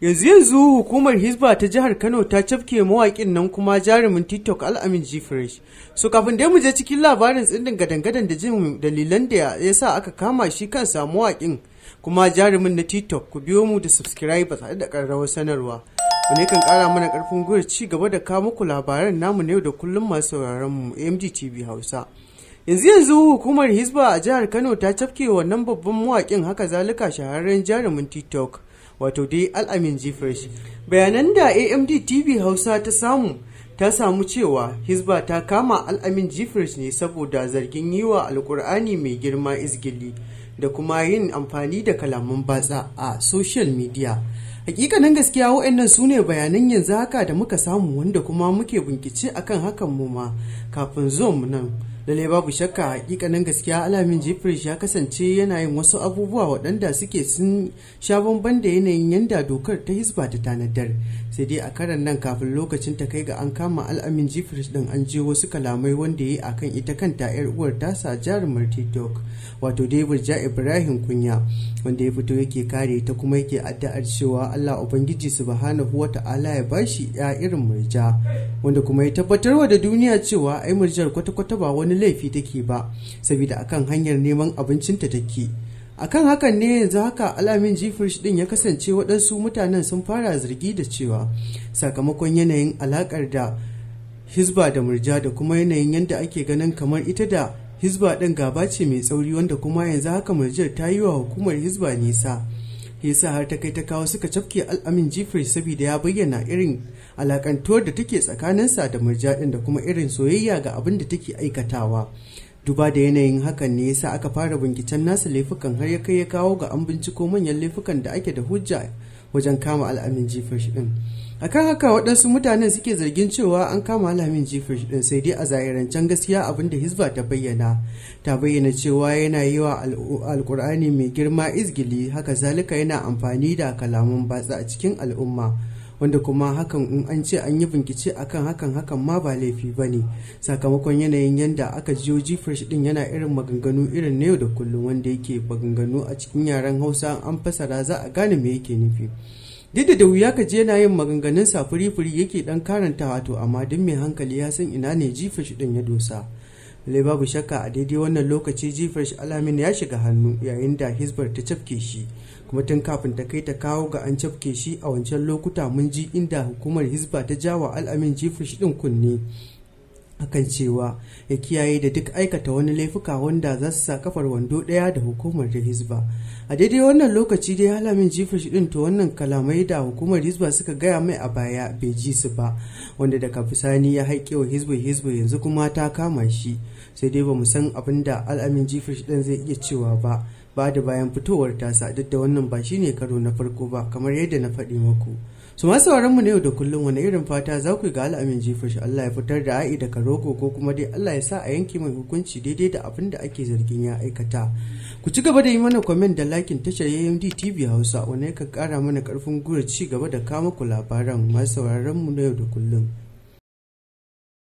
yanzu yanzu hukumar hisba ta jihar kano ta cafke mawaƙin nan kuma jarumin tiktok al'amin g fresh so kafin dai mu je cikin labarin tsindin gadangadan da jin dalilan da ya sa aka kama shi kansa mawaƙin kuma jarumin na tiktok ku biyo mu da subscribe tare da ƙararrawar sanarwa wani kan ƙara mana ƙarfin gwiwar ci gaba da kawo muku labaran namu na yau da kullum masu sauraron mu mgtv hausa yanzu yanzu hukumar hisba a jihar kano ta cafke wannan babban mawaƙin haka zalika shahararren jarumin tiktok wato dai al'amin fresh bayanan da amd tv hausa ta samu ta samu cewa Hisba ta kama al'amin fresh ne saboda zargin yi wa alkur'ani mai girma izgili da kuma yin amfani da kalaman batsa a social media hakikanin gaskiya wa'annan su ne bayanan yanzu haka da muka samu wanda kuma muke binkici akan hakan mu ma kafin zuwan nan lalle babu shakka hakikanin gaskiya alamin jeffries ya kasance yana yin wasu abubuwa waɗanda suke sun sha bamban da yanayin yanda dokar ta hisba ta tanadar sai dai a karan nan kafin lokacin ta kai ga an kama alamin jeffries ɗin an je wasu kalamai wanda ya yi a kan ita kanta yar uwar tasa jarumar tiktok wato david ja ibrahim kunya wanda ya fito yake kare ta kuma yake addu'ar cewa allah ubangiji su subhanahu wata'ala ya bashi ya irin murja wanda kuma ya tabbatarwa da duniya cewa ai murjar kwata-kwata ba wani laifi take ba saboda akan hanyar neman abincinta take akan hakan ne yanzu haka alamin jifirish din ya kasance waɗansu mutanen sun fara zargi da cewa sakamakon yanayin alakar da hizba da murja da kuma yanayin yadda ake ganin kamar ita da hizba ɗin gaba ce mai tsauri wanda kuma yanzu haka murjar ta yi wa hukumar hizba nisa yasa har ta kai ta kawo suka cafke al'amin jifirish saboda ya bayyana irin alakantuwar da take tsakanin tsakaninsa da ɗin da kuma irin soyayya ga abin da take aikatawa duba da yanayin hakan ne yasa aka fara binciken nasa laifukan har ya kai ya kawo ga an binciko manyan laifukan da ake da hujja wajen kama al'amin jifar shi din akan haka waɗansu mutanen suke zargin cewa an kama al'amin jifar din sai dai a zahirancen gaskiya abin da hisba ta bayyana ta bayyana cewa yana yi wa alkur'ani mai girma izgili haka zalika yana amfani da kalaman batsa a cikin al'umma wanda kuma hakan in an ce an yi bincike akan hakan hakan ma ba laifi ba ne sakamakon yanayin yadda aka jiyo jifresh din yana irin maganganu irin na yau da kullum wanda yake maganganu a cikin yaren hausa an fasara za a gane me yake nufi duk da wuya ka je yana yin maganganun safuri-furi yake dan karanta wato amma duk mai hankali ya san ina ne jifa din ya dosa lai babu shakka a daidai wannan lokaci shi alamin ya shiga hannu yayin da hisbar ta cafke shi kuma tun kafin ta kai ta kawo ga an cafke shi a wancan lokuta mun ji inda hukumar hisba ta jawa al'amin shi din kunne akan cewa ya kiyaye da duk aikata wani laifuka wanda za su sa kafar wando ɗaya da hukumar da hizba a daidai wannan lokaci dai halamin jifa shi ɗin to wannan kalamai da hukumar hizba suka gaya mai a baya bai ji su ba wanda daga bisani ya haike wa hizba hizba yanzu kuma ta kama shi sai dai ba mu san abin da al'amin jifa shi ɗin zai iya cewa ba ba da bayan fitowar tasa duk da wannan ba shi ne karo na farko ba kamar yadda na faɗi maku. su masu mu na yau da kullum wani irin fata za ku yi ga al'amin jifa Allah ya fitar da a'i da karoko ko kuma dai Allah ya sa a yanke mai hukunci daidai da abin da ake zargin ya aikata ku ci gaba da yi mana kwamen da lakin tashar AMD TV Hausa wani kan kara mana karfin gwiwa ci gaba da kama ku labaran masu mu na yau da kullum